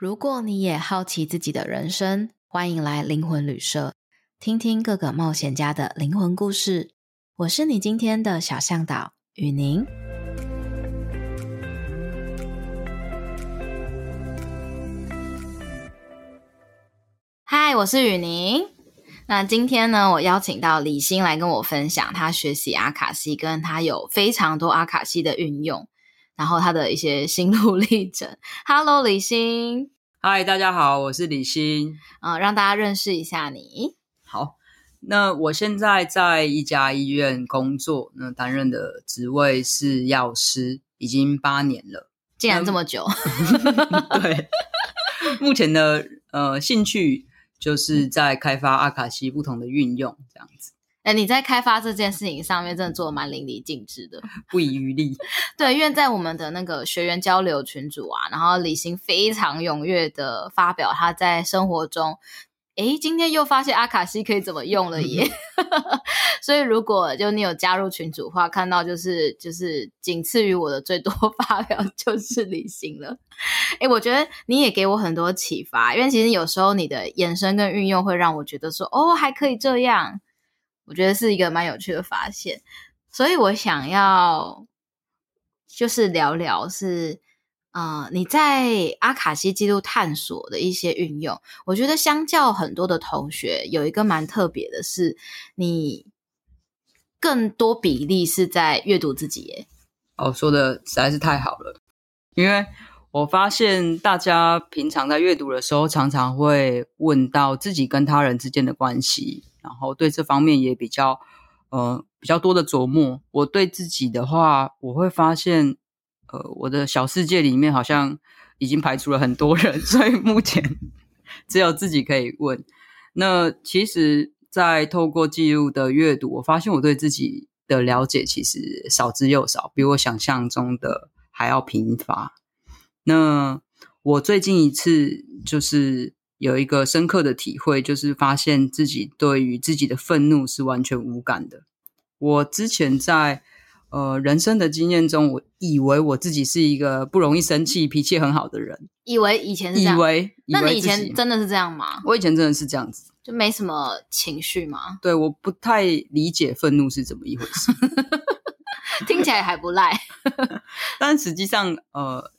如果你也好奇自己的人生，歡迎來靈魂旅社，聽聽各個冒險家的靈魂故事。我是你今天的小嚮導，雨寧。嗨，我是宇寧。那今天呢，我邀請到李芯來跟我分享她學習阿卡西，跟她有非常多阿卡西的運用。然後他的一些心路歷程。Hello，李芯。Hi，大家好，我是李芯。啊、嗯，讓大家認識一下你。好，那我現在在一家醫院工作，那、呃、擔任的職位是藥師，已經八年了。竟然這麼久？ 對。 目前的呃興趣就是在開發阿卡西不同的運用，這樣子。誒你在開發這件事情上面真的做的蠻淋漓盡致的，不遺餘力。對，因為在我們的那個學員交流群組啊，然後李芯非常踴躍的發表他在生活中，誒今天又發現阿卡西可以怎麼用了耶。 所以如果就你有加入群組的話，看到就是就是僅次於我的最多發表就是李芯了。誒我覺得你也給我很多啟發，因為其實有時候你的延伸跟運用會讓我覺得說，哦，還可以這樣。我覺得是一個蠻有趣的發現，所以我想要就是聊聊是，嗯、呃，你在阿卡西紀錄探索的一些運用。我覺得相較很多的同學，有一個蠻特別的是，你更多比例是在閱讀自己耶。哦，說的實在是太好了，因為我發現大家平常在閱讀的時候，常常會問到自己跟他人之間的關係。然後對這方面也比較，呃，比較多的琢磨。我對自己的話，我會發現，呃，我的小世界裡面好像已經排除了很多人，所以目前只有自己可以問。那其實，在透過記錄的閱讀，我發現我對自己的了解其實少之又少，比我想象中的還要貧乏。那我最近一次就是。有一個深刻的體會，就是發現自己對於自己的憤怒是完全無感的。我之前在呃人生的經驗中，我以為我自己是一個不容易生氣、脾氣很好的人，以為以前是這樣，以為，以為那你以前真的是這樣嗎？我以前真的是這樣子，就沒什麼情緒嗎？對，我不太理解憤怒是怎麼一回事， 聽起來還不賴， 但實際上呃。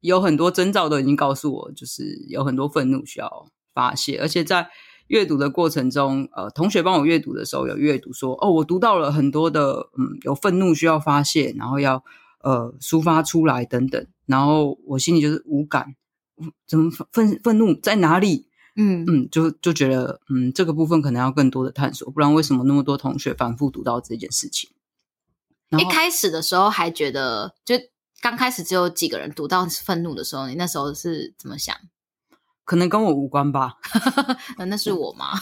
有很多徵兆都已經告訴我，就是有很多憤怒需要發洩，而且在閱讀的過程中，呃，同學幫我閱讀的時候有閱讀說，哦，我讀到了很多的，嗯，有憤怒需要發洩，然後要呃抒發出來等等，然後我心裡就是無感，怎麼憤憤，憤怒在哪裡？嗯嗯，就就覺得，嗯，這個部分可能要更多的探索，不然為什麼那麼多同學反覆讀到這件事情？一開始的時候還覺得就。剛開始只有幾個人讀到憤怒的時候，你那時候是怎麼想？可能跟我無關吧？ 嗯、那是我嗎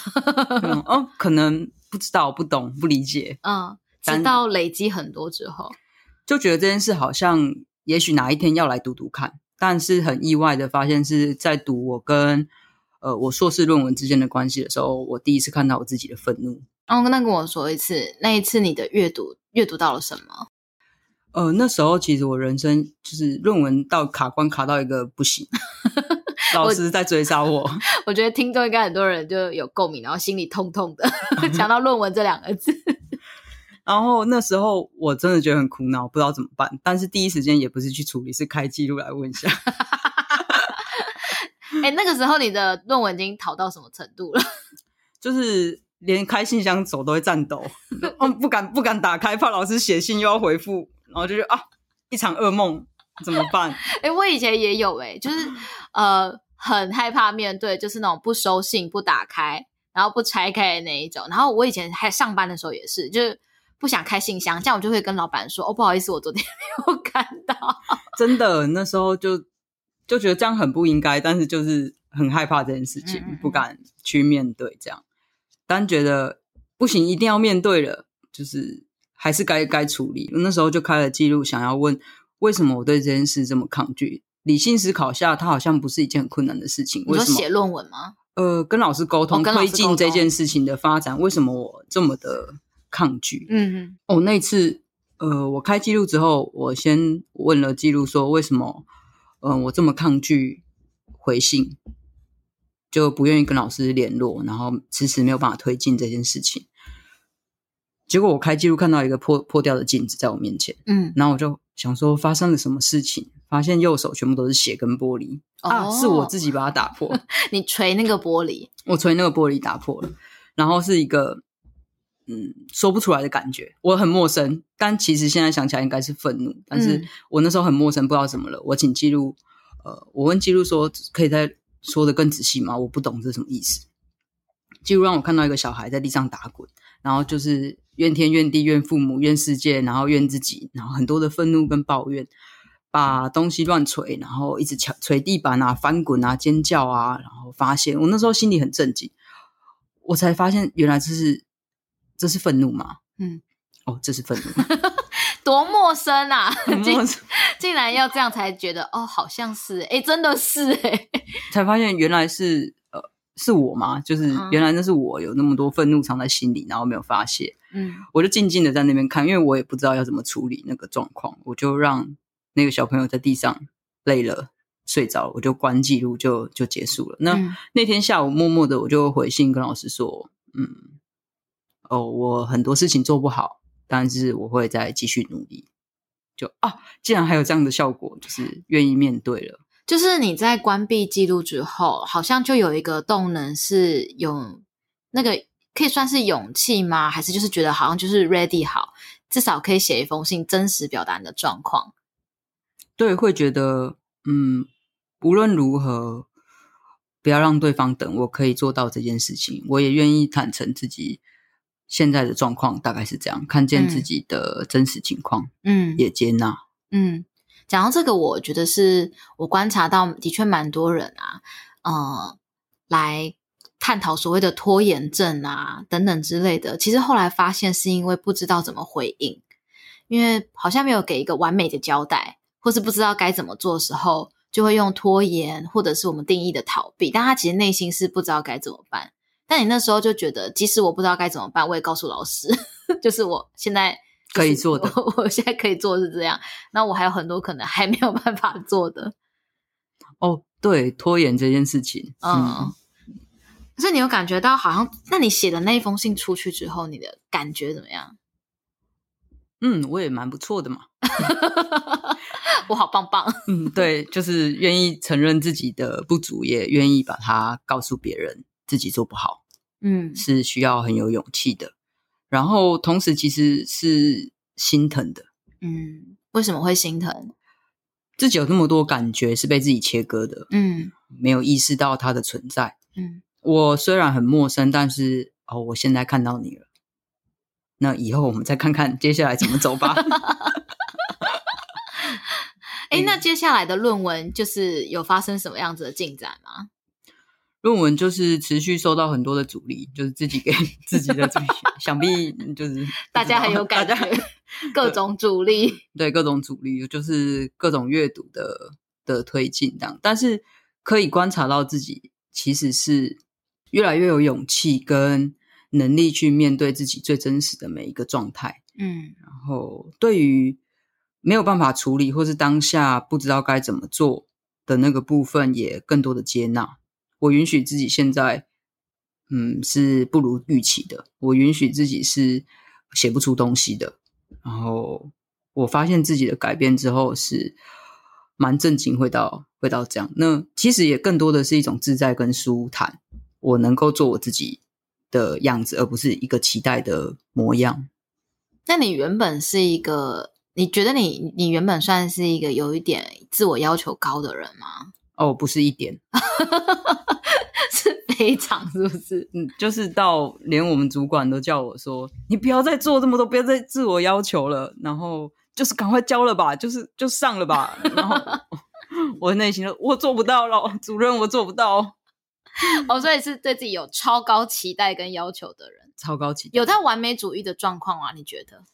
嗯？哦，可能不知道、不懂、不理解。嗯，直到累積很多之後，就覺得這件事好像，也許哪一天要來讀讀看。但是很意外的發現，是在讀我跟呃我碩士論文之間的關係的時候，我第一次看到我自己的憤怒。然後跟他跟我說一次，那一次你的閱讀閱讀到了什麼？呃，那時候其實我人生就是論文到卡關卡到一個不行， 老師在追殺我。 我覺得聽眾應該很多人就有共鳴，然後心裡痛痛的， 講到論文這兩個字。然後那時候我真的覺得很苦惱，不知道怎麼辦。但是第一時間也不是去處理，是開紀錄來問一下。哎、 欸，那個時候你的論文已經討到什麼程度了？就是連開信箱手都會顫抖，嗯、 哦，不敢不敢打開，怕老師寫信又要回復。然後就覺得啊，一場噩夢怎麼辦？哎、欸，我以前也有哎、欸，就是呃，很害怕面對，就是那種不收信、不打開，然後不拆開的那一種。然後我以前還上班的時候也是，就是不想開信箱，這樣我就會跟老闆說：“哦，不好意思，我昨天沒有看到。”真的，那時候就就覺得這樣很不應該，但是就是很害怕這件事情，不敢去面對。這樣、嗯，但覺得不行，一定要面對了，就是。還是該該處理。那時候就開了記錄，想要問為什麼我對這件事這麼抗拒？理性思考下，它好像不是一件很困難的事情。為什麼？你說寫論文嗎？呃、跟、哦，跟老師溝通，推進這件事情的發展。為什麼我這麼的抗拒？嗯嗯。哦，那一次呃，我開記錄之後，我先問了記錄說，為什麼嗯、呃、我這麼抗拒回信，就不願意跟老師聯絡，然後遲遲沒有辦法推進這件事情，結果我開記錄看到一個破破掉的鏡子在我面前，嗯，然後我就想說，發生了什麼事情，發現右手全部都是血跟玻璃，哦，啊、是我自己把它打破， 你捶那個玻璃，我捶那個玻璃打破了，然後是一個嗯說不出來的感覺，我很陌生，但其實現在想起來應該是憤怒，但是我那時候很陌生，不知道怎麼了。我請記錄，呃，我問記錄說，可以再說得更仔細嗎？我不懂這是什麼意思。記錄讓我看到一個小孩在地上打滾，然後就是。怨天怨地怨父母怨世界，然後怨自己，然後很多的憤怒跟抱怨，把東西亂捶，然後一直敲捶，捶地板啊，翻滾啊，尖叫啊，然後發現我那時候心裡很震驚，我才發現原來這是這是憤怒嗎？嗯，哦，這是憤怒，多陌生啊！很陌生，竟竟然要這樣才覺得哦，好像是，誒，真的是誒，才發現原來是。是我嗎？就是原來那是我有那麼多憤怒藏在心裡，然後沒有發洩。嗯，我就靜靜的在那邊看，因為我也不知道要怎麼處理那個狀況，我就讓那個小朋友在地上累了睡着了，我就關記錄就就結束了。那那天下午默默的我就回信跟老師說，嗯，哦，我很多事情做不好，但是我會再繼續努力。就啊，竟然還有這樣的效果，就是願意面對了。就是你在關閉記錄之後，好像就有一個動能是有那個可以算是勇氣嗎？還是就是覺得好像就是 ready 好，至少可以寫一封信，真實表達你的狀況。對，會覺得嗯，無論如何，不要讓對方等，我可以做到這件事情，我也願意坦誠自己現在的狀況，大概是這樣，看見自己的真實情況，嗯，也接納，嗯。講到這個，我覺得是我觀察到的確蠻多人啊，嗯、呃，來探討所謂的拖延症啊等等之類的。其實後來發現是因為不知道怎麼回應，因為好像沒有給一個完美的交代，或是不知道該怎麼做的時候，就會用拖延或者是我們定義的逃避。但他其實內心是不知道該怎麼辦。但你那時候就覺得，即使我不知道該怎麼辦，我也告訴老師，就是我現在。就是、可以做的，我現在可以做是這樣。那我還有很多可能還沒有辦法做的。哦，對，拖延這件事情，嗯。可、嗯、是你有感覺到好像？那你寫的那一封信出去之後，你的感覺怎麼樣？嗯，我也蠻不錯的嘛。 我好棒棒。嗯，對，就是願意承認自己的不足，也願意把它告訴別人，自己做不好。嗯，是需要很有勇氣的。然後，同時其實是心疼的。嗯，為什麼會心疼？自己有那麼多感覺是被自己切割的。嗯，沒有意識到它的存在。嗯，我雖然很陌生，但是哦，我現在看到你了。那以後我們再看看接下來怎麼走吧。哎、 欸，那接下來的論文就是有發生什麼樣子的進展嗎、啊？論文就是持續收到很多的阻力，就是自己給自己的。 想必就是大家很有感的，各種阻力。 對，各種阻力，就是各種閱讀的的推進，這樣，但是可以觀察到自己其實是越來越有勇氣跟能力去面對自己最真實的每一個狀態，嗯，然後對於沒有辦法處理或是當下不知道該怎麼做的那個部分，也更多的接納。我允許自己現在，嗯，是不如預期的。我允許自己是寫不出東西的。然後我發現自己的改變之後是蠻震驚會到會到這樣。那其實也更多的是一種自在跟舒坦。我能夠做我自己的樣子，而不是一個期待的模樣。那你原本是一個，你覺得你你原本算是一個有一點自我要求高的人嗎？哦，不是一點。 非常是不是？嗯，就是到連我們主管都叫我說：“你不要再做這麼多，不要再自我要求了。”然後就是趕快交了吧，就是就上了吧。 然後我內心說：“我做不到了主任，我做不到。哦”我所以是對自己有超高期待跟要求的人，超高期待。有在完美主義的狀況嗎？你覺得？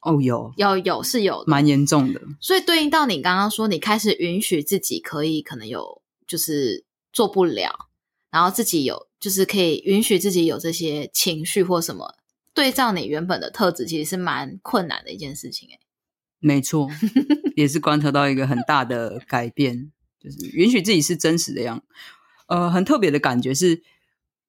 哦，有要有，有是有蠻嚴重的。所以對應到你剛剛說，你開始允許自己可以可能有就是做不了。然後自己有，就是可以允許自己有這些情緒或什麼，對照你原本的特質，其實是蠻困難的一件事情欸。沒錯， 也是觀察到一個很大的改變，就是允許自己是真實的樣。呃，很特別的感覺是，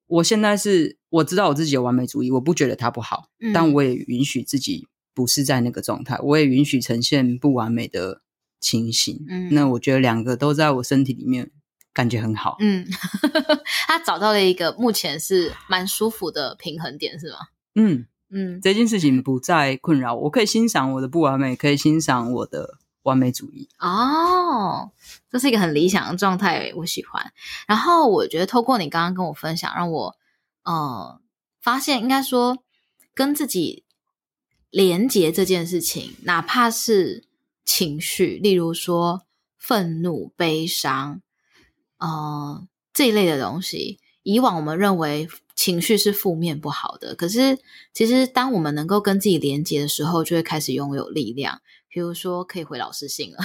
我現在是我知道我自己有完美主義，我不覺得它不好，嗯，但我也允許自己不是在那個狀態，我也允許呈現不完美的情形。嗯，那我覺得兩個都在我身體裡面。感覺很好，嗯呵呵，他找到了一個目前是蠻舒服的平衡點，是嗎？嗯嗯，這件事情不再困擾我，可以欣賞我的不完美，可以欣賞我的完美主義。哦，這是一個很理想的狀態，我喜歡。然後我覺得，透過你剛剛跟我分享，讓我呃發現，應該說跟自己連結這件事情，哪怕是情緒，例如說憤怒、悲傷。嗯，這一類的東西，以往我們認為情緒是負面不好的。可是，其實當我們能夠跟自己連接的時候，就會開始擁有力量。比如說，可以回老師信了。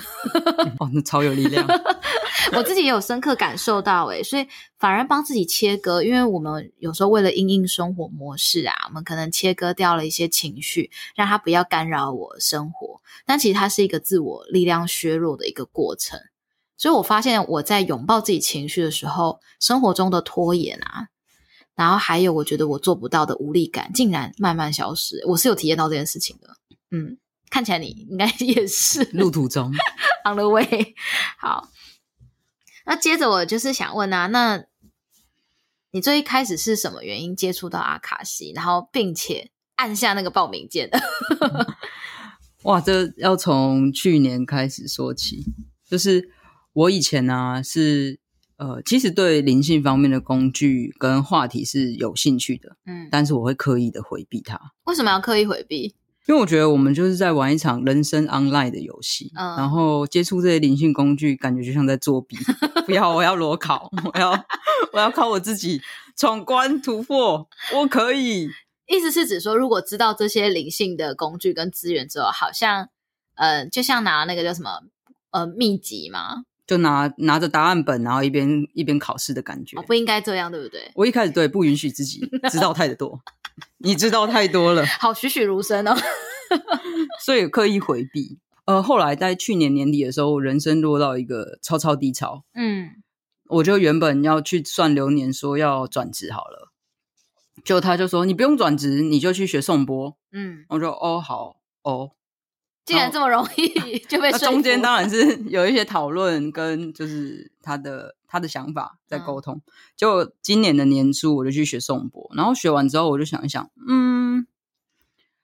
哇、 哦，那超有力量！ 我自己也有深刻感受到誒、欸，所以反而幫自己切割，因為我們有時候為了因應生活模式啊，我們可能切割掉了一些情緒，讓它不要干擾我生活。但其實它是一個自我力量削弱的一個過程。所以，我發現我在擁抱自己情緒的時候，生活中的拖延啊，然後還有我覺得我做不到的無力感，竟然慢慢消失。我是有體驗到這件事情的。嗯，看起來你應該也是路途中 ，on the way。好，那接着我就是想問啊，那你最一開始是什麼原因接觸到阿卡西，然後並且按下那個報名鍵的 、嗯？哇，這要從去年開始說起，就是。我以前呢、啊、是呃，其實對靈性方面的工具跟話題是有興趣的，嗯，但是我會刻意的回避它。為什麼要刻意回避？因為我覺得我們就是在玩一場人生 online 的遊戲，嗯，然後接觸這些靈性工具，感覺就像在作弊。不要，我要裸考， 我要我要靠我自己闖關突破，我可以。意思是指說，如果知道這些靈性的工具跟資源之後，好像呃，就像拿那個叫什麼呃秘籍嗎？就拿拿着答案本，然後一邊一邊考試的感覺。我不應該這樣，對不對？我一開始對不允許自己知道太多 你知道太多了， 好栩栩如生哦。 所以刻意回避。呃，後來在去年年底的時候，我人生落到一個超超低潮。嗯，我就原本要去算流年，說要轉職好了，就他就說你不用轉職，你就去學頌缽。嗯，我說哦好哦。好哦竟然這麼容易就被，中間當然是有一些討論跟就是他的他的想法在溝通、嗯。就今年的年初我就去學頌缽，然後學完之後我就想一想，嗯，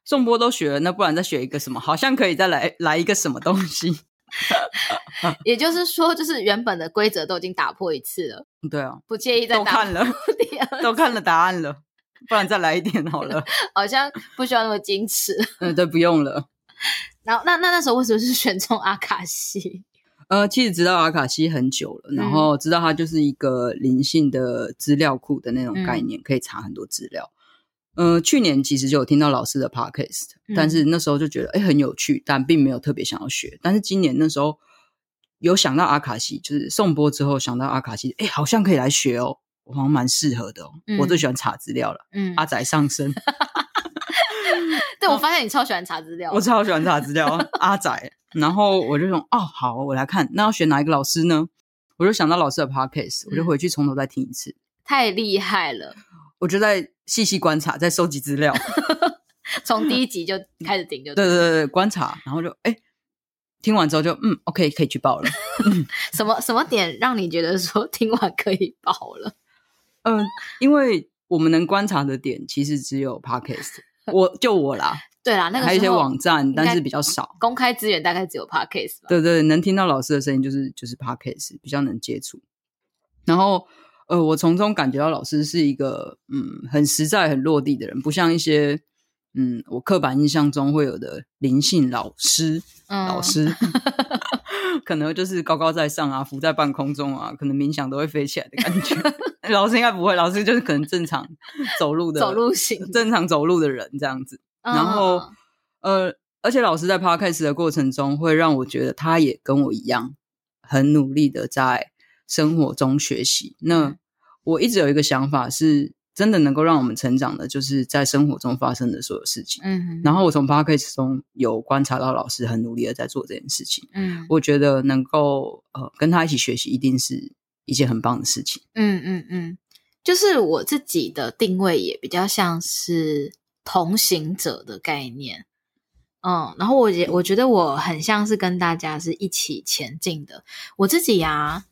頌缽都學了，那不然再學一個什麼？好像可以再來來一個什麼東西。 也就是說，就是原本的規則都已經打破一次了。對啊，不介意再打破，都看了，都看了答案了，不然再來一點好了。 好像不需要那麼矜持。 嗯、對，不用了。然後那那那時候為什麼是選中阿卡西？呃，其實知道阿卡西很久了、嗯，然後知道它就是一個靈性的資料庫的那種概念，嗯、可以查很多資料。嗯、呃，去年其實就有聽到老師的 Podcast，、嗯、但是那時候就覺得哎、欸、很有趣，但並沒有特別想要學。但是今年那時候有想到阿卡西，就是送播之後想到阿卡西，哎、欸，好像可以來學哦，我好像蠻適合的哦，嗯、我最喜歡查資料了。嗯，阿宅上身。 對、哦，我發現你超喜歡查資料，我超喜歡查資料， 阿仔。然後我就說：“哦，好，我來看，那要選哪一個老師呢？”我就想到老師的 podcast，、嗯、我就回去從頭再聽一次。太厲害了！我就在細細觀察，在收集資料， 從第一集就開始聽，就聽，就 對，對對對，觀察，然後就哎，聽完之後就嗯，OK，可以去報了。嗯、 什麼什麼點讓你覺得說聽完可以報了？嗯，因為我們能觀察的點其實只有 podcast。我就我啦，對啦，那個還有一些網站，但是比較少公開資源，大概只有 Podcast。對對，能聽到老師的聲音就是就是 Podcast，比較能接觸。然後呃，我從中感覺到老師是一個嗯很實在、很落地的人，不像一些嗯我刻板印象中會有的靈性老師，嗯，老師 可能就是高高在上啊，浮在半空中啊，可能冥想都會飛起來的感覺。 老師應該不會，老師就是可能正常走路的 走路行，正常走路的人這樣子。哦、然後，呃，而且老師在 Podcast 的過程中，會讓我覺得他也跟我一樣，很努力的在生活中學習。那我一直有一個想法，是真的能夠讓我們成長的，就是在生活中發生的所有事情。嗯，然後我從 Podcast 中有觀察到老師很努力的在做這件事情。嗯，我覺得能夠呃跟他一起學習，一定是。一件很棒的事情。嗯嗯嗯，就是我自己的定位也比較像是同行者的概念。嗯，然後我也我覺得我很像是跟大家是一起前進的。我自己呀、啊，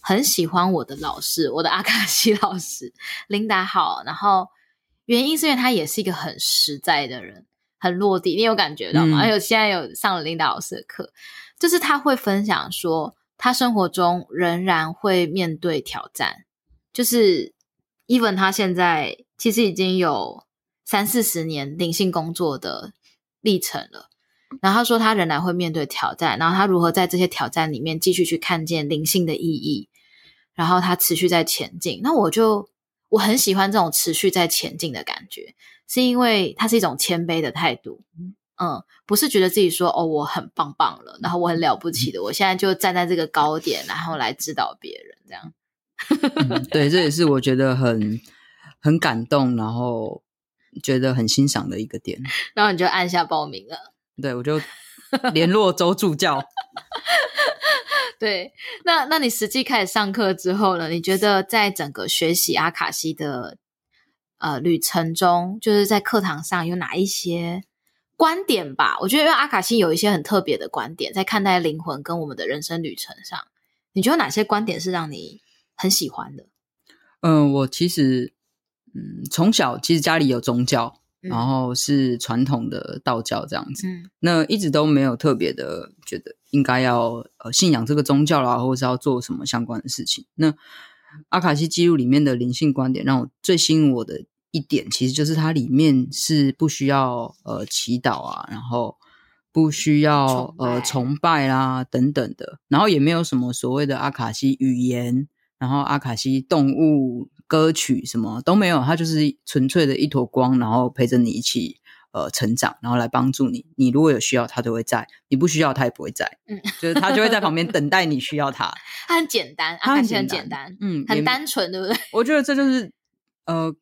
很喜歡我的老師，我的阿卡西老師琳達，好。然後原因是因為他也是一個很實在的人，很落地。你有感覺到嗎？還、嗯、有、哎呦、現在有上了琳達老師的課，就是他會分享說。他生活中仍然會面對挑戰，就是 Evan。他現在其實已經有三四十年靈性工作的歷程了。然後他說他仍然會面對挑戰，然後他如何在這些挑戰裡面繼續去看見靈性的意義，然後他持續在前進。那我就我很喜歡這種持續在前進的感覺，是因為它是一種謙卑的態度。嗯，不是覺得自己說哦，我很棒棒了，然後我很了不起的，嗯、我現在就站在這個高點，然後來指導別人這樣。嗯、對，這也是我覺得很很感動，然後覺得很欣賞的一個點。然後你就按下報名了。對，我就聯絡周助教。 對，那那你實際開始上課之後呢？你覺得在整個學習阿卡西的呃旅程中，就是在課堂上有哪一些？觀點吧，我覺得因為阿卡西有一些很特別的觀點，在看待靈魂跟我們的人生旅程上，你覺得哪些觀點是讓你很喜歡的？嗯、呃，我其實，嗯，從小其實家裡有宗教，然後是傳統的道教這樣子，嗯，那一直都沒有特別的覺得應該要呃信仰這個宗教啦，或者是要做什麼相關的事情。那阿卡西記錄裡面的靈性觀點，讓我最吸引我的，一點其實就是它，裡面是不需要呃祈禱啊，然後不需要呃、嗯、崇拜啦、呃啊、等等的，然後也沒有什麼所謂的阿卡西語言，然後阿卡西動物歌曲什麼都沒有，它就是純粹的一坨光，然後陪着你一起呃成長，然後來幫助你。你如果有需要，它就會在；你不需要，它也不會在。嗯， 就是它就會在旁邊等待你需要它。它很簡單，阿卡西很簡單，嗯，很單純，對不對？我覺得這就是呃。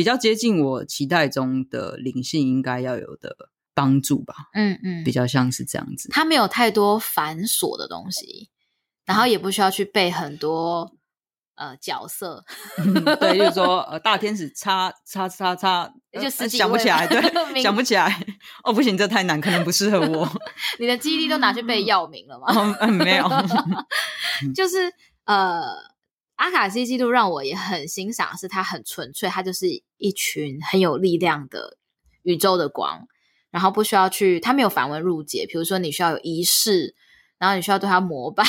比較接近我期待中的靈性應該要有的幫助吧，嗯嗯，比較像是這樣子。他沒有太多繁瑣的東西，然後也不需要去背很多呃角色，嗯。對，就是說呃，大天使叉叉叉叉，就、呃、想不起來，對，想不起來。哦，不行，這太難，可能不適合我。你的記憶力都拿去背藥名了嗎？嗯，嗯， 嗯、沒有，就是呃。阿卡西記錄讓我也很欣賞，是他很純粹，他就是一群很有力量的宇宙的光，然後不需要去，他沒有繁文縟節，比如說，你需要有儀式，然後你需要對他膜拜，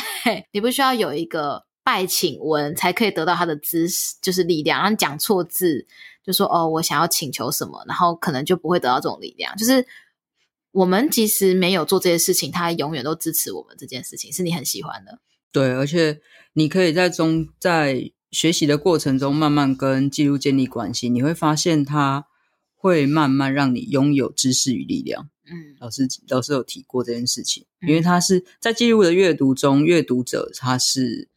你不需要有一個拜請文才可以得到他的知識，就是力量。然後你講錯字，就說哦，我想要請求什麼，然後可能就不會得到這種力量。就是我們其實沒有做這些事情，他永遠都支持我們這件事情，是你很喜歡的。對，而且。你可以在中在學習的過程中，慢慢跟記錄建立關係。你會發現，它會慢慢讓你擁有知識與力量。嗯，老師老師有提過這件事情，因為它是在記錄的閱讀中，閱讀者他是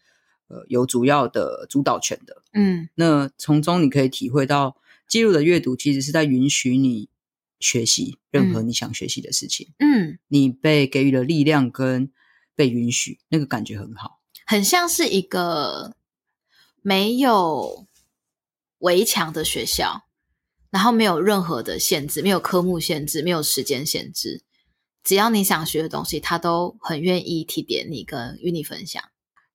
呃有主要的主導權的。嗯，那從中你可以體會到，記錄的閱讀其實是在允許你學習任何你想學習的事情。嗯，你被給予了力量跟被允許，那個感覺很好。很像是一個沒有圍牆的學校，然後沒有任何的限制，沒有科目限制，沒有時間限制，只要你想學的東西，他都很願意提點你跟與你分享。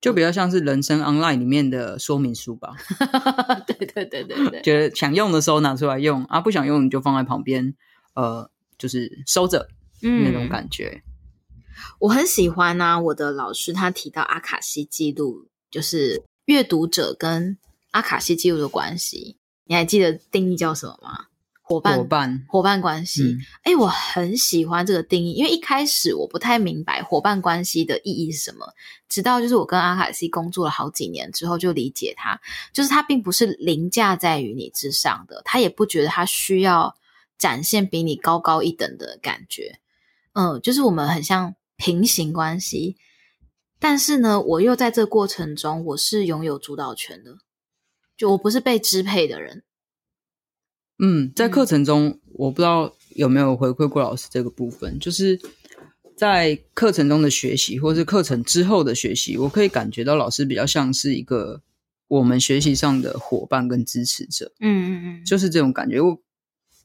就比較像是人生 online 裡面的說明書吧。 對，對對對對對，覺得想用的時候拿出來用啊，不想用你就放在旁邊，呃，就是收着、嗯、那種感覺。我很喜歡呢、啊，我的老師他提到阿卡西記錄，就是閱讀者跟阿卡西記錄的關係。你還記得定義叫什麼嗎？夥伴夥伴夥伴關係。哎、嗯，我很喜歡這個定義，因為一開始我不太明白夥伴關係的意義是什麼，直到就是我跟阿卡西工作了好幾年之後，就理解它，就是它並不是凌駕在於你之上的，他也不覺得他需要展現比你高高一等的感覺。嗯，就是我們很像。平行關係，但是呢，我又在這過程中，我是擁有主導權的，就我不是被支配的人。嗯，在課程中，我不知道有沒有回饋過老師這個部分，就是在課程中的學習，或是課程之後的學習，我可以感覺到老師比較像是一個我們學習上的夥伴跟支持者。嗯嗯嗯，就是這種感覺。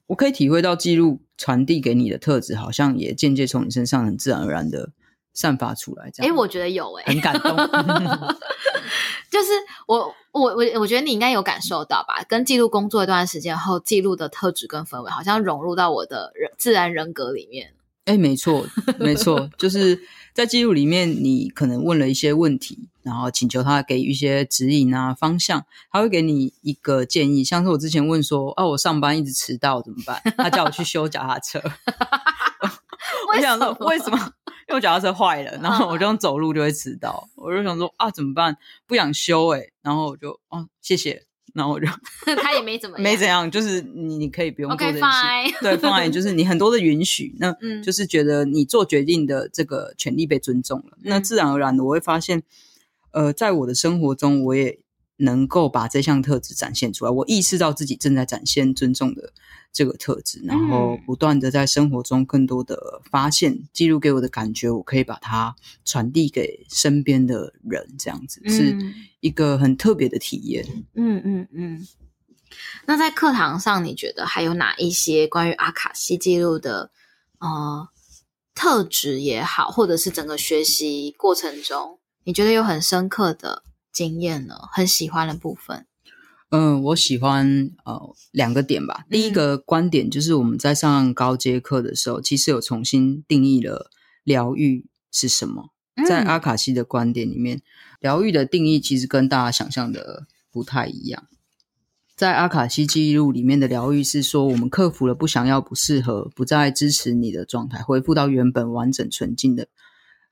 我可以體會到記錄傳遞給你的特質，好像也間接從你身上很自然而然的散發出來。這樣、欸，誒我覺得有、欸，誒很感動。 就是我，我，我，我覺得你應該有感受到吧？跟記錄工作一段時間後，記錄的特質跟氛圍，好像融入到我的人自然人格裡面。誒、欸、沒錯，沒錯，就是。 在記錄裡面，你可能問了一些問題，然後請求他給一些指引啊，方向，他會給你一個建議。像是我之前問說，啊，我上班一直遲到怎麼辦？他叫我去修腳踏車。 我想說為什，為什麼？因為我腳踏車壞了，然後我這樣走路就會遲到。 我就想說啊，怎麼辦？不想修誒、欸、然後我就哦、啊，謝謝。 然後我就， 他也沒怎麼樣，沒怎樣，就是你你可以不用做這些，okay, 對，放開就是你很多的允許， 那就是覺得你做決定的這個權利被尊重了，嗯，那自然而然的我會發現，呃，在我的生活中我也。能夠把這項特質展現出來，我意識到自己正在展現尊重的這個特質，嗯、然後不斷的在生活中更多的發現記錄給我的感覺，我可以把它傳遞給身邊的人，這樣子、嗯、是一個很特別的體驗。嗯嗯嗯。那在課堂上，你覺得還有哪一些關於阿卡西記錄的呃特質也好，或者是整個學習過程中，你覺得有很深刻的？經驗了，很喜歡的部分。嗯，我喜歡呃兩個點吧。第一個觀點就是我們在上高階課的時候，嗯、其實有重新定義了療癒是什麼、嗯。在阿卡西的觀點裡面，療癒的定義其實跟大家想象的不太一樣。在阿卡西記錄裡面的療癒是說，我們克服了不想要、不適合、不再支持你的狀態，恢復到原本完整純淨的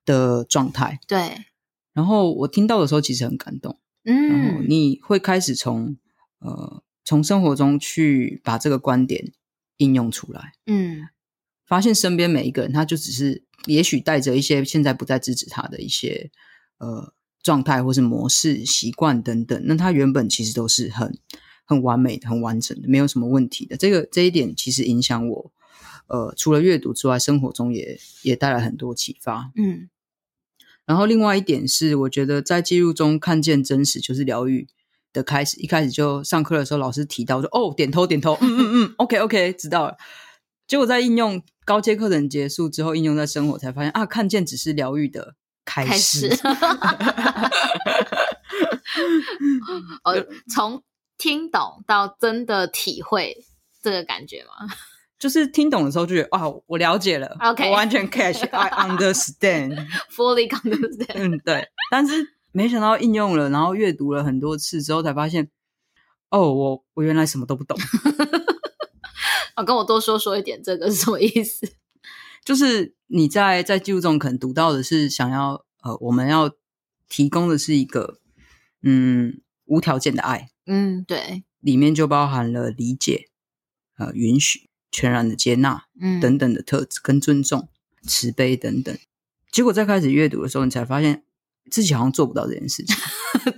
的狀態。對。然後我聽到的時候其實很感動，嗯，然後你會開始從呃從生活中去把這個觀點應用出來，嗯，發現身邊每一個人，他就只是也許帶着一些現在不再支持他的一些呃狀態或是模式、習慣等等，那他原本其實都是很很完美的、很完整的，沒有什麼問題的。這個這一點其實影響我，呃，除了閱讀之外，生活中也也帶來很多啟發，嗯。然後，另外一點是，我覺得在記錄中看見真實就是療癒的開始。一開始就上課的時候，老師提到說：“哦，點頭點頭，嗯嗯嗯，OK OK，知道了。”結果在應用高階課程結束之後，應用在生活才發現啊，看見只是療癒的開始，開始 哦。從聽懂到真的體會這個感覺嗎？就是聽懂的時候就覺得啊，我了解了，okay. 我完全 catch，I understand，fully understand。 Fully understand. 嗯，對。但是沒想到應用了，然後閱讀了很多次之後才發現，哦，我我原來什麼都不懂。 好，跟我多說說一點，這個是什麼意思？就是你在在記錄中可能讀到的是想要呃，我們要提供的是一個嗯無條件的愛。嗯，對。裡面就包含了理解，呃，允許。全然的接納，嗯，等等的特質跟尊重、慈悲等等。結果在開始閱讀的時候，你才發現自己好像做不到這件事情。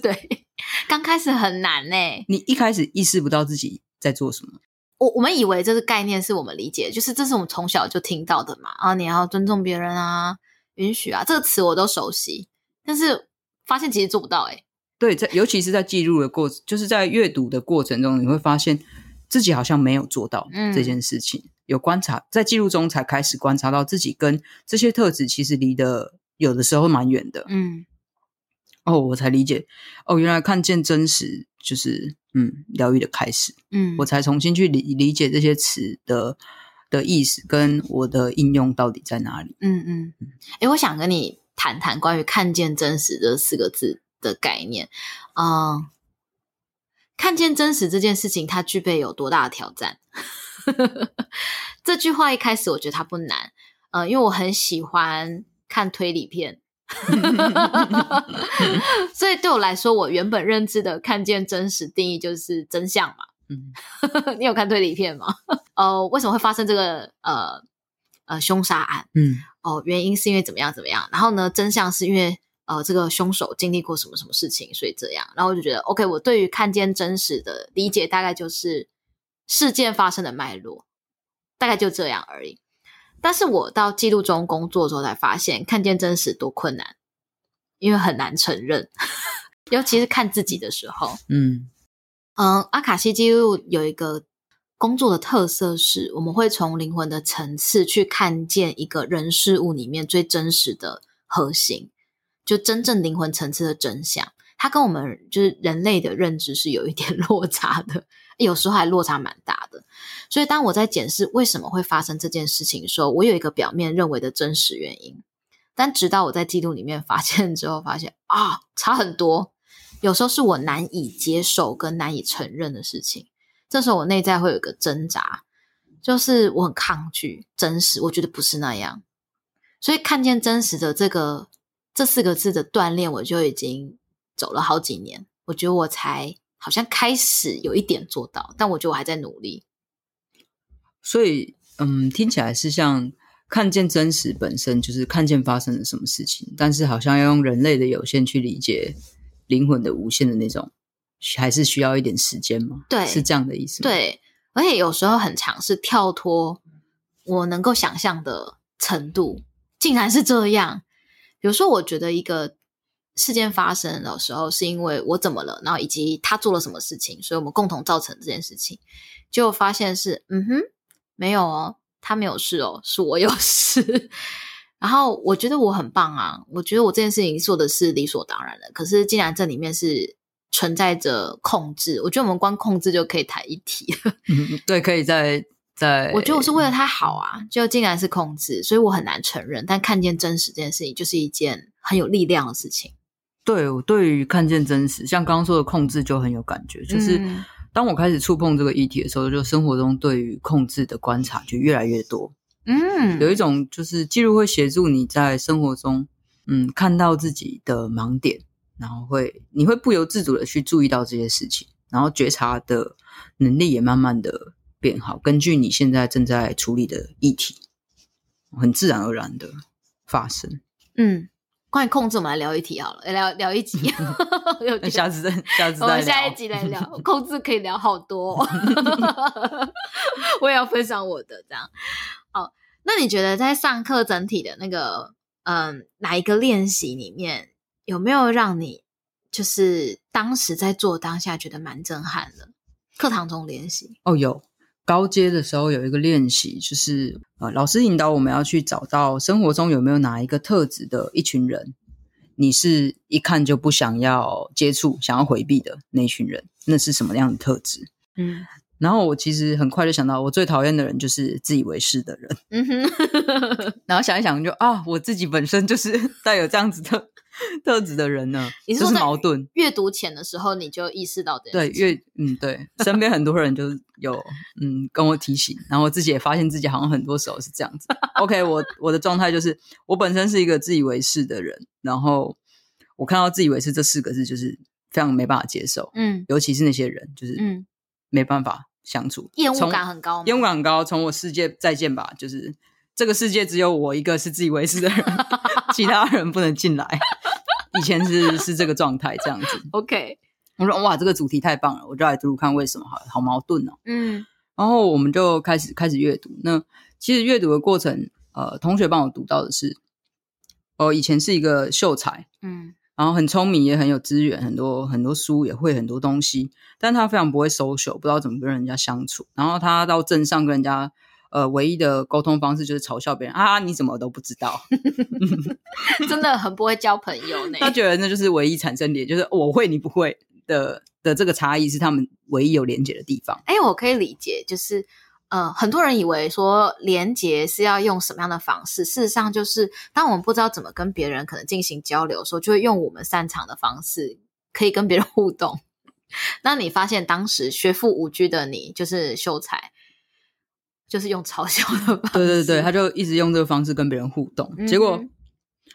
對，剛開始很難誒。你一開始意識不到自己在做什麼。我我們以為這個概念是我們理解，就是這是我們從小就聽到的嘛。啊，你要尊重別人啊，允許啊，這個詞我都熟悉。但是發現其實做不到誒，對，在尤其是在記錄的過程，就是在閱讀的過程中，你會發現。自己好像沒有做到這件事情，嗯、有觀察，在記錄中才開始觀察到自己跟這些特質其實離得有的時候蠻遠的。嗯，哦，我才理解，哦，原來看見真實就是嗯，療癒的開始。嗯，我才重新去理理解這些詞的的意思跟我的應用到底在哪裡。嗯嗯嗯。哎、嗯欸，我想跟你談談關於“看見真實”這四個字的概念。嗯。看見真實這件事情，它具備有多大的挑戰？ 這句話一開始我覺得它不難，呃，因為我很喜歡看推理片， 所以對我來說，我原本認知的看見真實定義就是真相嘛。嗯， 你有看推理片嗎？ 呃，為什麼會發生這個呃呃凶殺案？嗯，哦，原因是因為怎麼樣怎麼樣，然後呢，真相是因為。呃，這個凶手經歷過什麼什麼事情，所以這樣。然後我就覺得，OK，我對於看見真實的理解大概就是事件發生的脈絡，大概就這樣而已。但是我到紀錄中工作的時候才發現看見真實多困難，因為很難承認，呵呵，尤其是看自己的時候。嗯嗯，阿卡西紀錄有一個工作的特色是，我們會從靈魂的層次去看見一個人事物裡面最真實的核心。就真正靈魂層次的真相，它跟我們就是人類的認知是有一點落差的，有時候還落差蠻大的。所以當我在檢視為什麼會發生這件事情的時候，我有一個表面認為的真實原因，但直到我在記錄裡面發現之後，發現，啊，差很多。有時候是我難以接受跟難以承認的事情，這時候我內在會有一個掙扎，就是我很抗拒真實，我覺得不是那樣。所以看見真實的這個。這四個字的鍛鍊，我就已經走了好幾年。我覺得我才好像開始有一點做到，但我覺得我還在努力。所以，嗯，聽起來是像看見真實本身就是看見發生了什麼事情，但是好像要用人類的有限去理解靈魂的無限的那種，還是需要一點時間嘛。對，是這樣的意思嗎？對，而且有時候很常，是跳脫我能夠想象的程度，竟然是這樣。有時候我覺得一個事件發生的時候，是因為我怎麼了，然後以及他做了什麼事情，所以我們共同造成這件事情，結果發現是嗯哼，沒有哦，他沒有事哦，是我有事。 然後我覺得我很棒啊，我覺得我這件事情做的是理所當然的。可是，既然這裡面是存在着控制，我覺得我們光控制就可以談一題了。嗯，對，可以在。對，我覺得我是為了他好啊，就竟然是控制，所以我很難承認。但看見真實這件事情，就是一件很有力量的事情。對，我對於看見真實，像剛剛說的控制，就很有感覺。就是當我開始觸碰這個議題的時候，就生活中對於控制的觀察就越來越多。嗯，有一種就是記錄會協助你在生活中，嗯，看到自己的盲點，然後會你會不由自主的去注意到這些事情，然後覺察的能力也慢慢的。變好，根據你現在正在處理的議題，很自然而然的發生。嗯，關於控制，我們來聊一題好了，聊聊一集。 下次再，下次再聊。我們下一集來聊 控制，可以聊好多哦。 我也要分享我的，這樣。好，那你覺得在上課整體的那個，嗯，哪一個練習裡面有沒有讓你就是當時在做當下覺得蠻震撼的？課堂中練習？哦，有。高階的時候有一個練習，就是，啊，老師引導我們要去找到生活中有沒有哪一個特質的一群人，你是一看就不想要接觸、想要回避的那群人，那是什麼樣的特質？嗯。然後我其實很快就想到，我最討厭的人就是自以為是的人。嗯哼， 然後想一想就，就啊，我自己本身就是帶有這樣子的特質的人呢。就是矛盾？閱讀前的時候你就意識到這樣。對，閱嗯，對，身邊很多人就有嗯跟我提醒，然後我自己也發現自己好像很多時候是這樣子。OK，我我的狀態就是我本身是一個自以為是的人，然後我看到“自以為是”這四個字，就是非常沒辦法接受。嗯，尤其是那些人，就是嗯沒辦法。嗯相處厭惡感，感很高，厭惡感很高。從我世界再見吧，就是這個世界只有我一個是自以為是的人， 其他人不能進來。以前是是這個狀態，這樣子。OK，我說哇，這個主題太棒了，我就來讀讀看為什麼，好好矛盾哦。嗯，然後我們就開始開始閱讀。那其實閱讀的過程，呃，同學幫我讀到的是，呃，以前是一個秀才。嗯。然後很聰明，也很有資源，很多很多書，也會很多東西，但他非常不會 social，不知道怎麼跟人家相處。然後他到鎮上跟人家，呃，唯一的溝通方式就是嘲笑別人啊，你怎麼都不知道， 真的很不會交朋友呢。他覺得那就是唯一產生點，就是我會你不會的的這個差異是他們唯一有連結的地方。哎、欸，我可以理解，就是。呃，很多人以為說連結，是要用什麼樣的方式？事實上，就是當我們不知道怎麼跟別人可能進行交流的時候，就會用我們擅長的方式可以跟別人互動。那 你發現當時學富五車的你，就是秀才，就是用嘲笑的方式。對對對，他就一直用這個方式跟別人互動。嗯、結果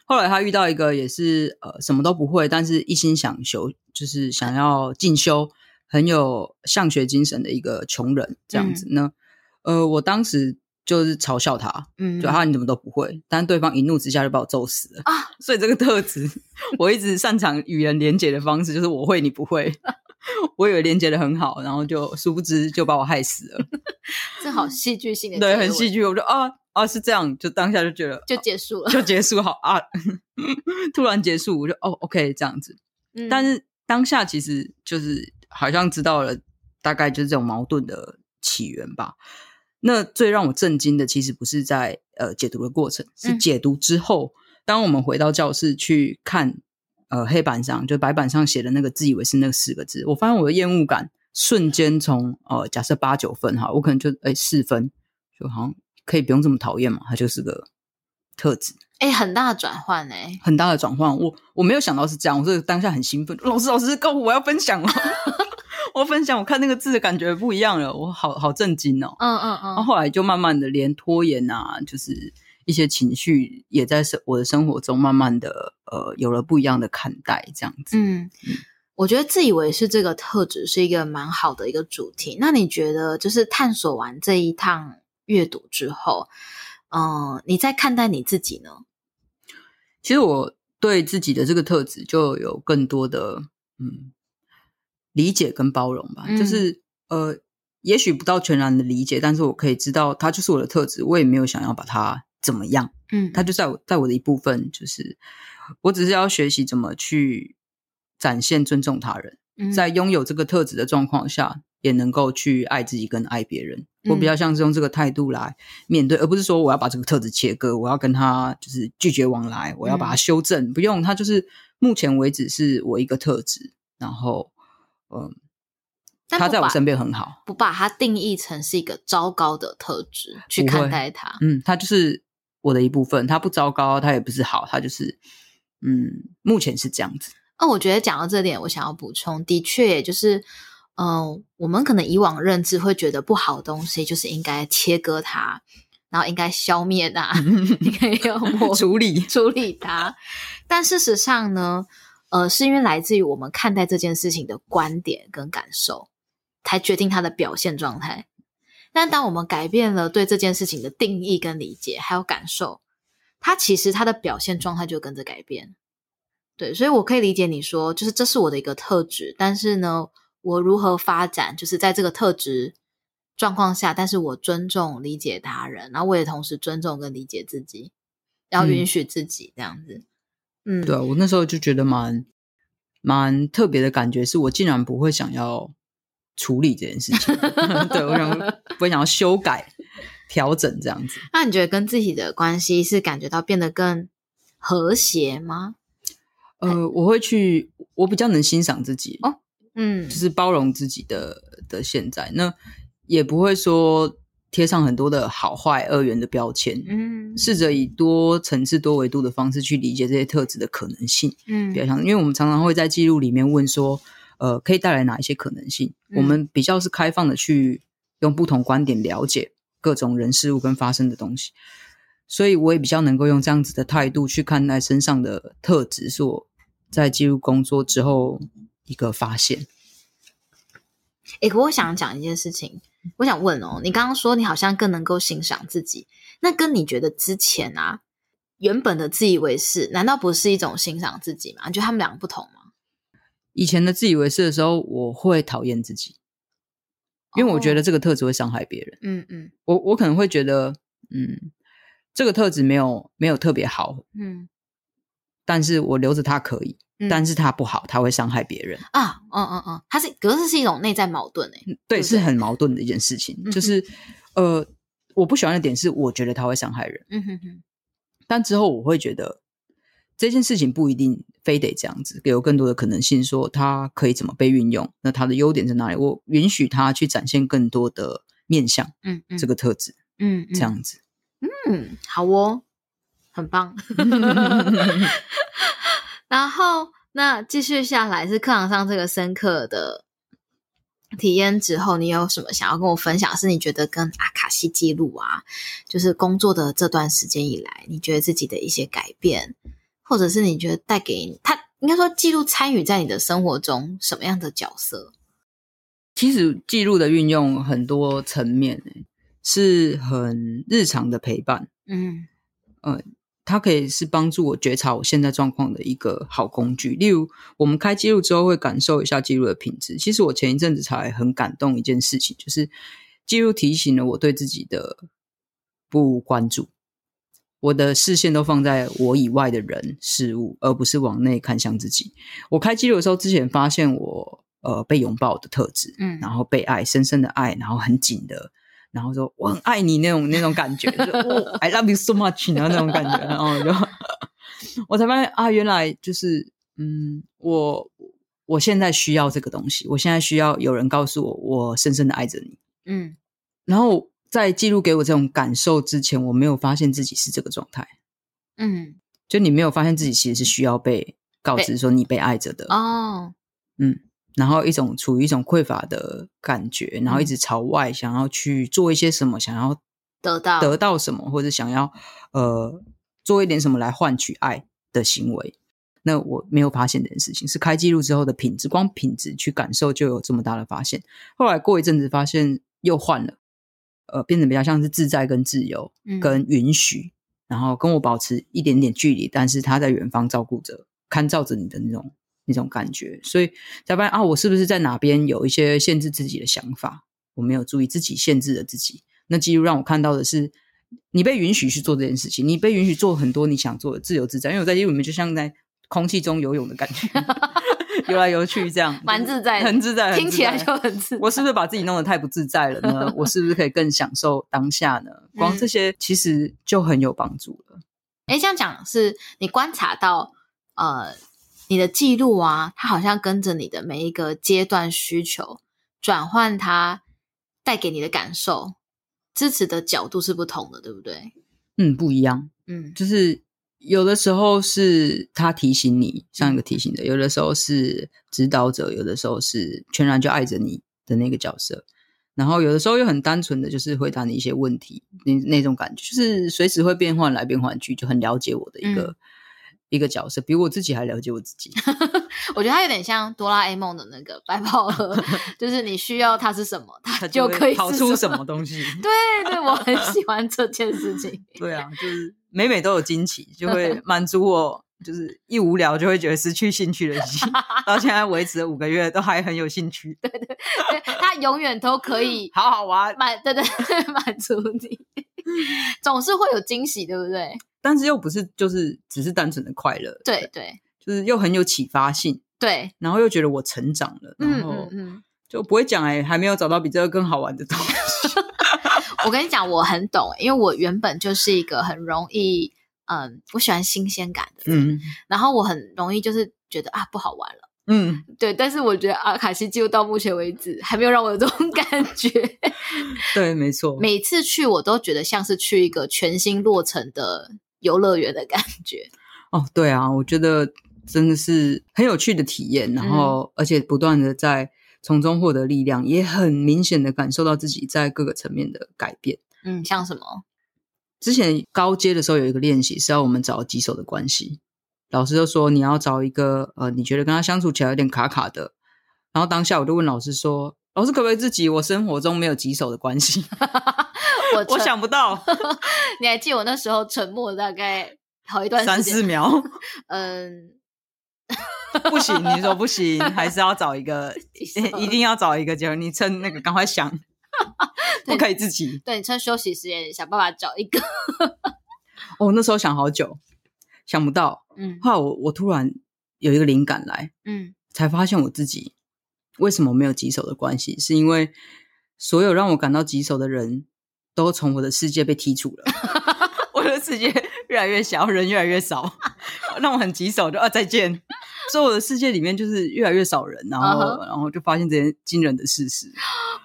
後來他遇到一個也是呃什麼都不會，但是一心想修，就是想要進修，很有向學精神的一個窮人，這樣子呢。嗯呃，我當時就是嘲笑他，嗯，就他、啊、你怎麼都不會，但是對方一怒之下就把我揍死了啊！所以這個特質，我一直擅長與人連結的方式就是我會你不會， 我以為連結的很好，然後就殊不知就把我害死了，這好戲劇性的對，很戲劇。我就啊啊是這樣，就當下就覺得就結束了，就結束好啊， 突然結束，我就哦 OK 這樣子，嗯，但是當下其實就是好像知道了大概就是這種矛盾的起源吧。那最讓我震驚的，其實不是在呃解讀的過程，是解讀之後，嗯、當我們回到教室去看，呃黑板上就白板上寫的那個自以為是那個四個字，我發現我的厭惡感瞬間從呃假設八九分哈，我可能就哎、欸、四分，就好像可以不用這麼討厭嘛，它就是個特質，哎、欸、很大的轉換呢、欸，很大的轉換，我我沒有想到是這樣，我這當下很興奮，老師老師夠，go, 我要分享了。 我分享，我看那個字的感覺不一樣了，我好好震驚哦。嗯嗯嗯。然後後來就慢慢的，連拖延啊，就是一些情緒，也在生我的生活中，慢慢的呃，有了不一樣的看待，這樣子。嗯嗯。我覺得自以為是這個特質是一個蠻好的一個主題。那你覺得，就是探索完這一趟閱讀之後，嗯、呃，你在看待你自己呢？其實我對自己的這個特質就有更多的嗯。理解跟包容吧，嗯、就是呃，也許不到全然的理解，但是我可以知道，他就是我的特質，我也沒有想要把它怎麼樣，嗯，他就在我在我的一部分，就是我只是要學習怎麼去展現尊重他人，嗯、在擁有這個特質的狀況下，也能夠去愛自己跟愛別人。我比較像是用這個態度來面對、嗯，而不是說我要把這個特質切割，我要跟他就是拒絕往來，我要把它修正，嗯、不用他就是目前為止是我一個特質，然後。嗯，他在我身邊很好，不把它定義成是一個糟糕的特質去看待他。嗯，他就是我的一部分，他不糟糕，他也不是好，他就是嗯，目前是這樣子。哦、嗯，我覺得講到這點，我想要補充，的確，也就是嗯，我們可能以往認知會覺得不好的東西就是應該切割它，然後應該消滅它、啊，嗯、 應該要我處理處理它，但事實上呢？呃，是因為來自於我們看待這件事情的觀點跟感受，才決定它的表現狀態。但當我們改變了對這件事情的定義跟理解，還有感受，它其實它的表現狀態就跟着改變。對，所以我可以理解你說，就是這是我的一個特質，但是呢，我如何發展，就是在這個特質狀況下，但是我尊重理解他人，然後我也同時尊重跟理解自己，要允許自己這樣子。嗯嗯，對啊，我那時候就覺得蠻蠻特別的感覺，是我竟然不會想要處理這件事情， 對，我想，不會想要修改、調整這樣子。那你覺得跟自己的關係是感覺到變得更和諧嗎？呃，我會去，我比較能欣賞自己哦，嗯，就是包容自己的的現在，那也不會說。貼上很多的好壞二元的標籤，嗯，試着以多層次、多維度的方式去理解這些特質的可能性，嗯，比較像，因為我們常常會在記錄裡面問說，呃，可以帶來哪一些可能性，嗯，我們比較是開放的去用不同觀點了解各種人事物跟發生的東西，所以我也比較能夠用這樣子的態度去看待身上的特質，是我在記錄工作之後一個發現。哎、欸，我想講一件事情。我想問哦，你剛剛說你好像更能夠欣賞自己，那跟你覺得之前啊，原本的自以為是，難道不是一種欣賞自己嗎？你覺得他們兩個不同嗎？以前的自以為是的時候，我會討厭自己，因為我覺得這個特質會傷害別人。哦、嗯嗯，我我可能會覺得，嗯，這個特質沒有沒有特別好。嗯。但是我留着他可以、嗯，但是他不好，他會傷害別人啊！嗯嗯嗯，它是格式是，是一種內在矛盾哎，對，對，是很矛盾的一件事情。嗯嗯就是呃，我不喜歡的點是，我覺得他會傷害人。嗯哼哼。但之後我會覺得這件事情不一定非得這樣子，給有更多的可能性，說它可以怎麼被運用？那它的優點在哪裡？我允許它去展現更多的面向，嗯，嗯，這個特質，嗯，嗯，這樣子，嗯，好哦。很棒 然後那繼續下來是課堂上這個深刻的體驗之後，你有什麼想要跟我分享？是你覺得跟阿卡西記錄啊，就是工作的這段時間以來，你覺得自己的一些改變，或者是你覺得帶給你，他，應該說記錄參與在你的生活中什麼樣的角色？其實記錄的運用很多層面、欸、是很日常的陪伴，嗯，呃、嗯。它可以是幫助我覺察我現在狀況的一個好工具。例如，我們開記錄之後，會感受一下記錄的品質。其實我前一陣子才很感動一件事情，就是記錄提醒了我對自己的不關注。我的視線都放在我以外的人事物，而不是往內看向自己。我開記錄的時候，之前發現我呃被擁抱的特質，嗯，然後被愛，深深的愛，然後很緊的。然後說，我很愛你那種那種感覺 就說，Oh，I love you so much，然後那種感覺，然後我就我才發現啊，原來就是嗯，我我現在需要這個東西，我現在需要有人告訴我，我深深的愛着你，嗯。然後在記錄給我這種感受之前，我沒有發現自己是這個狀態，嗯。就你沒有發現自己其實是需要被告知說你被愛着的，哦，嗯。然後一種處於一種匱乏的感覺，然後一直朝外想要去做一些什麼，嗯、想要得到得到什麼，或者想要呃做一點什麼來換取愛的行為。那我沒有發現這件事情是開記錄之後的品質，光品質去感受就有這麼大的發現。後來過一陣子發現又換了，呃，變得比較像是自在跟自由，嗯，跟允許、嗯，然後跟我保持一點點距離，但是他在遠方照顧着、看照着你的那種。那種感覺，所以才發現啊，我是不是在哪邊有一些限制自己的想法？我沒有注意自己限制了自己。那記錄讓我看到的是，你被允許去做這件事情，你被允許做很多你想做的，自由自在。因為我在記錄裡面就像在空氣中游泳的感覺， 游來游去這樣， 蠻自在，很自在，聽起來就很自在。我是不是把自己弄得太不自在了呢？ 我是不是可以更享受當下呢？光這些其實就很有幫助了。哎、嗯，這樣講是你觀察到呃。你的記錄啊，它好像跟着你的每一個階段需求轉換它，它帶給你的感受支持的角度是不同的，對不對？嗯，不一樣。嗯，就是有的時候是它提醒你，像一個提醒的；有的時候是指導者；有的時候是全然就愛着你的那個角色；然後有的時候又很單純的就是回答你一些問題，那那種感覺就是隨時會變換來變換去，就很了解我的一個。嗯一個角色比我自己還了解我自己， 我覺得他有點像哆啦 A 夢的那個百寶盒， 就是你需要他是什麼，他就可以跑出什麼東西。 對對，我很喜歡這件事情。 對啊，就是每每都有驚喜，就會滿足我。就是一無聊就會覺得失去興趣的事情。 到現在維持五個月都還很有興趣。 對對，對，他永遠都可以、嗯、好好玩，滿對對，滿足你， 總是會有驚喜，對不對？但是又不是，就是只是單純的快樂，對對，對，就是又很有啟發性，對，然後又覺得我成長了，嗯、然後就不會講哎，還沒有找到比這個更好玩的東西。 我跟你講，我很懂，因為我原本就是一個很容易，嗯，我喜歡新鮮感的人，嗯，然後我很容易就是覺得啊，不好玩了，嗯，對。但是我覺得阿卡西記錄到目前為止還沒有讓我有這種感覺，對，沒錯。每次去我都覺得像是去一個全新落成的遊樂園的感覺。哦，對啊，我覺得真的是很有趣的體驗，嗯、然後而且不斷的在從中獲得力量，也很明顯的感受到自己在各個層面的改變。嗯，像什麼？之前高階的時候有一個練習是要我們找棘手的關係，老師就說你要找一個呃，你覺得跟他相處起來有點卡卡的。然後當下我就問老師說。我是可不可以自己？我生活中沒有棘手的關係， 我我想不到。 你還記得，我那時候沉默大概好一段時間，三四秒？ 嗯， 不行，你說不行，還是要找一個，一定要找一個。就你趁那個趕快想， 不可以自己。對，對你趁休息時間想辦法找一個。我、 哦、那時候想好久，想不到。嗯，後來我我突然有一個靈感來，嗯，才發現我自己。為什麼沒有棘手的關係？是因為所有讓我感到棘手的人都從我的世界被踢出了， 我的世界越來越小，人越來越少， 讓我很棘手，就啊再見。所以我的世界裡面就是越來越少人，然後、uh-huh. 然後就發現這些驚人的事實，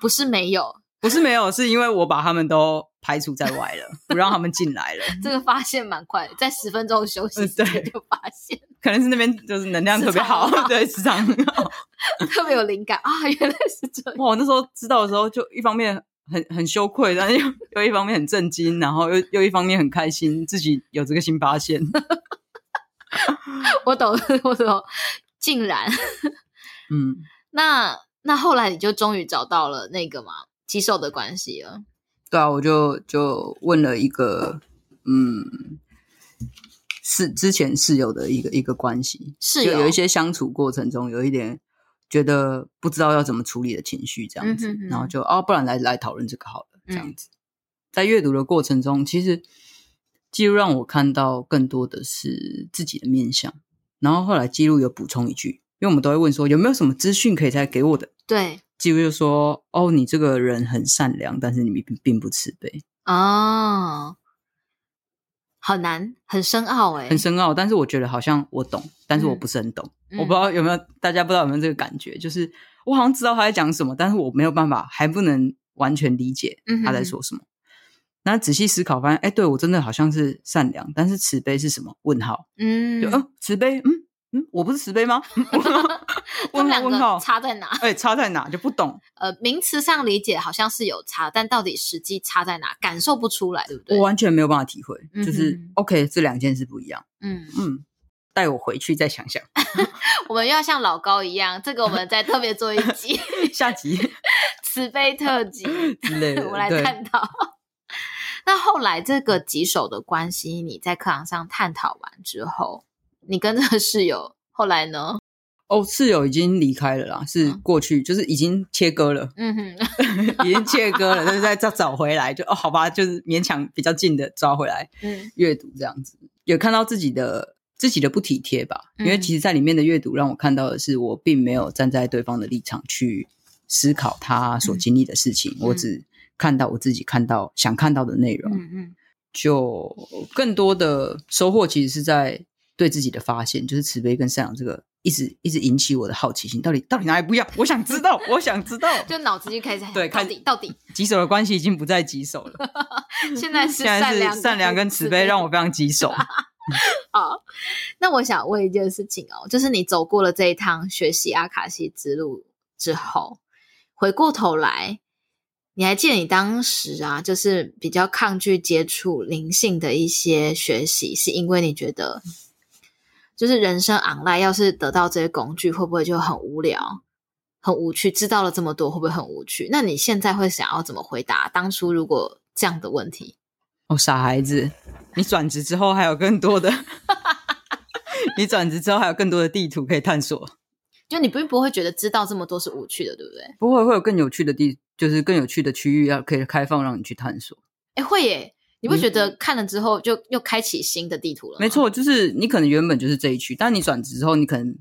不是沒有。不是沒有，是因為我把他們都排除在外了，不 讓他們進來了。這個發現蠻快，在十分鐘休息對就發現，嗯、 可能是那邊就是能量特別好，好 對磁場特別有靈感啊！原來是這樣、個。哇，那時候知道的時候，就一方面很很羞愧，然後又又一方面很震驚，然後又又一方面很開心，自己有這個新發現。 我懂，我懂，竟然， 嗯，那那後來你就終於找到了那個嗎？棘手的關係了，對啊，我就就問了一個，嗯，是之前室友的一個一個關係，就有一些相處過程中有一點覺得不知道要怎麼處理的情緒，這樣子，嗯、哼哼然後就哦、啊，不然來來討論這個好了，這樣子，嗯、在閱讀的過程中，其實記錄讓我看到更多的是自己的面向，然後後來記錄有補充一句，因為我們都會問說有沒有什麼資訊可以再給我的，對。幾乎就說：“哦，你這個人很善良，但是你並不慈悲。”哦，好難，很深奧誒，很深奧。但是我覺得好像我懂，但是我不是很懂。嗯、我不知道有沒有、嗯、大家不知道有沒有這個感覺，就是我好像知道他在講什麼，但是我沒有辦法，還不能完全理解他在說什麼。嗯、那仔細思考，發現哎、欸，對，我真的好像是善良，但是慈悲是什麼？問號。嗯。就嗯、哦，慈悲嗯。嗯，我不是慈悲嗎？我 們 兩個差在哪？哎，差在哪就不懂。呃，名詞上理解好像是有差，但到底實際差在哪，感受不出來，對不對？我完全沒有辦法體會。嗯、就是 OK，這兩件事不一樣。嗯嗯，帶我回去再想想。 我們又要像老高一樣，這個我們再特別做一集， 下集 慈悲特輯之類的， 我來探討。 那後來這個棘手的關係，你在課堂上探討完之後。你跟那個室友後來呢？哦，室友已經離開了啦，是過去，哦、就是已經切割了，嗯哼， 已經切割了， 但是再找回來，就哦，好吧，就是勉強比較近的抓回來，嗯，閱讀這樣子，有看到自己的自己的不體貼吧？嗯、因為其實，在裡面的閱讀讓我看到的是，我並沒有站在對方的立場去思考他所經歷的事情，嗯、我只看到我自己看到想看到的內容，嗯嗯，就更多的收穫其實是在。對自己的發現，就是慈悲跟善良，這個一直一直引起我的好奇心。到底到底哪裡不一樣。我想知道，我想知道。 就腦子就開始 對開始，到底到底棘手的關係已經不再棘手了。 現在是善良，善良跟慈悲讓我非常棘手。 好，那我想問一件事情哦，就是你走過了這一趟學習阿卡西之路之後，回過頭來，你還記得你當時啊，就是比較抗拒接觸靈性的一些學習，是因為你覺得？就是人生 online，要是得到這些工具，會不會就很無聊、很無趣？知道了這麼多，會不會很無趣？那你現在會想要怎麼回答當初如果這樣的問題？哦，傻孩子，你轉職之後還有更多的， 你轉職之後還有更多的地圖可以探索。就你不會不會覺得知道這麼多是無趣的，對不對？不會，會有更有趣的地，就是更有趣的區域要可以開放讓你去探索。哎，會耶。你不覺得看了之後就又開啟新的地圖了，嗯？沒錯，就是你可能原本就是這一區，但你轉職之後，你可能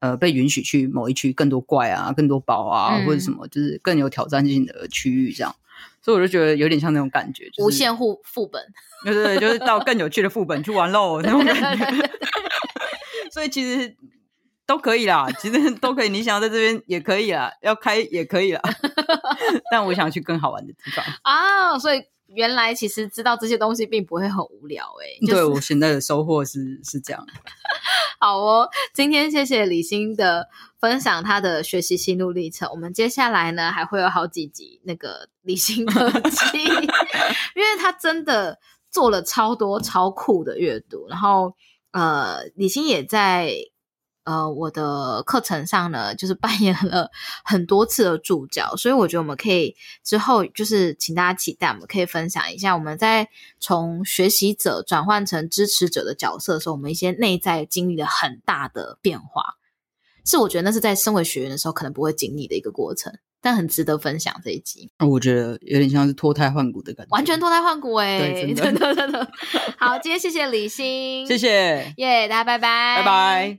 呃被允許去某一區更多怪啊、更多寶啊，嗯、或者什麼，就是更有挑戰性的區域這樣。所以我就覺得有點像那種感覺，就是、無限戶副本，對、就、對、是，就是到更有趣的副本去玩嘍 那種感覺。 所以其實都可以啦，其實都可以，你想在這邊也可以啦，要開也可以啦。 但我想去更好玩的地方啊，所以。原來其實知道這些東西並不會很無聊誒、欸就是，對我現在的收穫是是這樣。 好哦，今天謝謝李芯的分享，他的學習心路歷程。我們接下來呢還會有好幾集那個李芯特輯， 因為他真的做了超多超酷的閱讀。然後呃，李芯也在。呃，我的課程上呢，就是扮演了很多次的助教。所以我覺得我們可以之後就是請大家期待，我們可以分享一下我們在從學習者轉換成支持者的角色的時候，我們一些內在經歷了很大的變化。是我覺得那是在身為學員的時候可能不會經歷的一個過程，但很值得分享這一集。那、呃、我覺得有點像是脫胎換骨的感覺，完全脫胎換骨哎、欸！真的真的 好，今天謝謝李芯，謝謝，耶、yeah,，大家拜拜，拜拜。